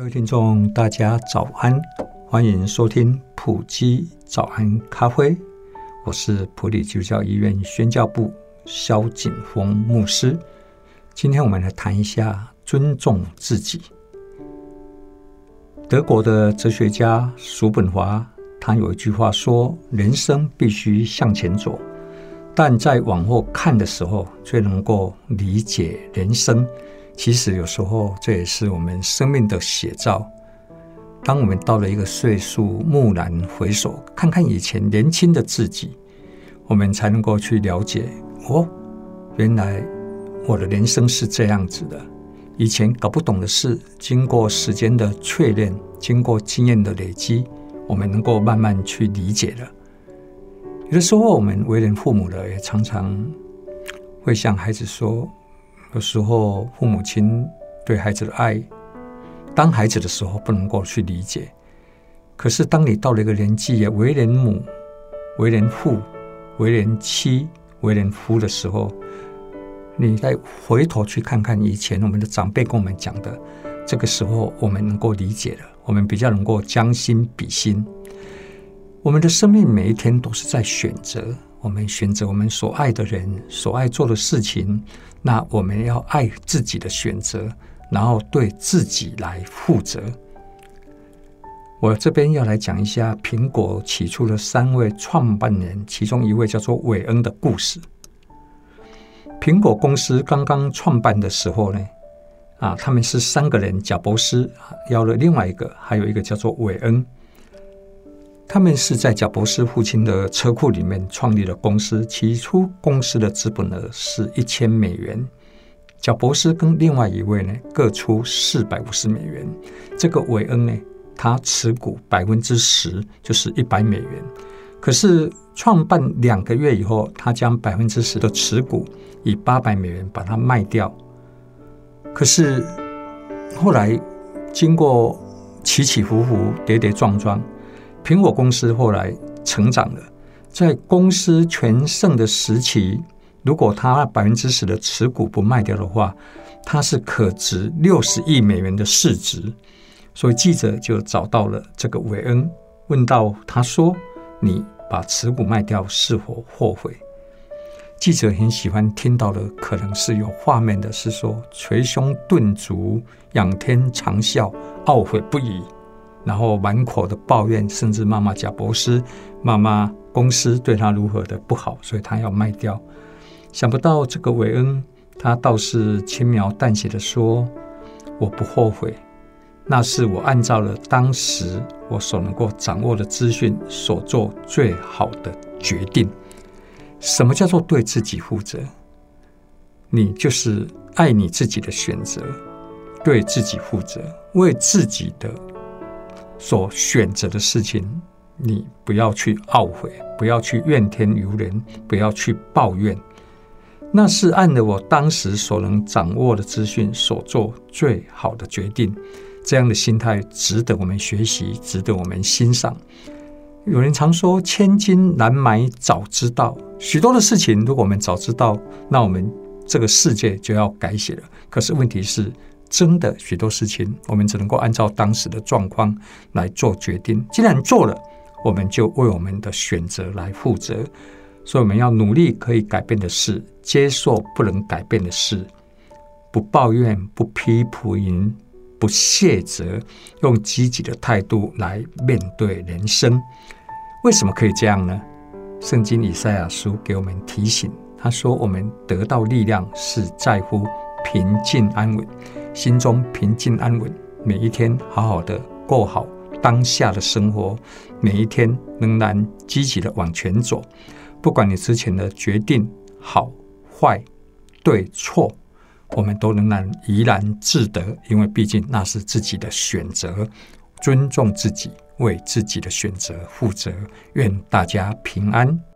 各位聽眾，大家早安，歡迎收聽埔基早安咖啡。我是埔里基督教醫院宣教部蕭錦峰牧師。今天我們來談一下尊重自己。德國的哲學家叔本華，他有一句話說：“人生必須向前走，但在往後看的時候，卻能夠理解人生。”其實有時候，這也是我們生命的寫照。當我們到了一個歲數，驀然回首，看看以前年輕的自己，我們才能夠去了解：哦，原來我的人生是這樣子的。以前搞不懂的事，經過時間的淬煉，經過經驗的累積，我們能夠慢慢去理解了。有的時候，我們為人父母的也常常會向孩子說。有時候，父母親對孩子的愛，當孩子的時候不能夠去理解，可是當你到了一個年紀，為人母、為人父、為人妻、為人夫的時候，你再回頭去看看以前我們的長輩跟我們講的，這個時候我們能夠理解了，我們比較能夠將心比心。我們的生命每一天都是在選擇。我們選擇我們所愛的人，所愛做的事情，那我們要愛自己的選擇，然後對自己來負責。我這邊要來講一下蘋果起初的三位創辦人，其中一位叫做韋恩的故事。蘋果公司剛剛創辦的時候呢，啊，他們是三個人，賈伯斯邀了另外一個，還有一個叫做韋恩。他們是在賈伯斯父親的車庫裡面創立的公司。起初，公司的資本額是一千美元。賈伯斯跟另外一位呢，各出四百五十美元。這個韋恩呢，他持股百分之十，就是一百美元。可是，創辦兩個月以後，他將百分之十的持股以八百美元把它賣掉。可是，後來經過起起伏伏、跌跌撞撞。蘋果公司後來成長了，在公司全盛的時期，如果他那百分之十的持股不賣掉的話，他是可值六十億美元的市值。所以記者就找到了這個韋恩，問到他說：“你把持股賣掉是否後悔？”記者很喜歡聽到的可能是有畫面的是說捶胸頓足、仰天長嘯、懊悔不已。然後滿口的抱怨，甚至罵罵賈伯斯、罵罵公司對他如何的不好，所以他要賣掉。想不到這個韋恩，他倒是輕描淡寫的說：“我不後悔，那是我按照了當時我所能夠掌握的資訊所做最好的決定。”什麼叫做對自己負責？你就是愛你自己的選擇，對自己負責，為自己的。所選擇的事情，你不要去懊悔，不要去怨天尤人，不要去抱怨。那是按着我當時所能掌握的資訊所做最好的決定。這樣的心態值得我們學習，值得我們欣賞。有人常說“千金難買早知道”，許多的事情，如果我們早知道，那我們這個世界就要改寫了。可是問題是，真的許多事情，我們只能夠按照當時的狀況來做決定。既然做了，我們就為我們的選擇來負責。所以我們要努力可以改變的事，接受不能改變的事，不抱怨，不批評，不卸責，用積極的態度來面對人生。為什麼可以這樣呢？聖經以賽亞書給我們提醒，他說：“我們得到力量是在乎平靜安穩。”心中平靜安穩，每一天好好的過好當下的生活，每一天仍然積極的往前走。不管你之前的決定好壞對錯，我們都仍然怡然自得，因為畢竟那是自己的選擇。尊重自己，為自己的選擇負責。願大家平安。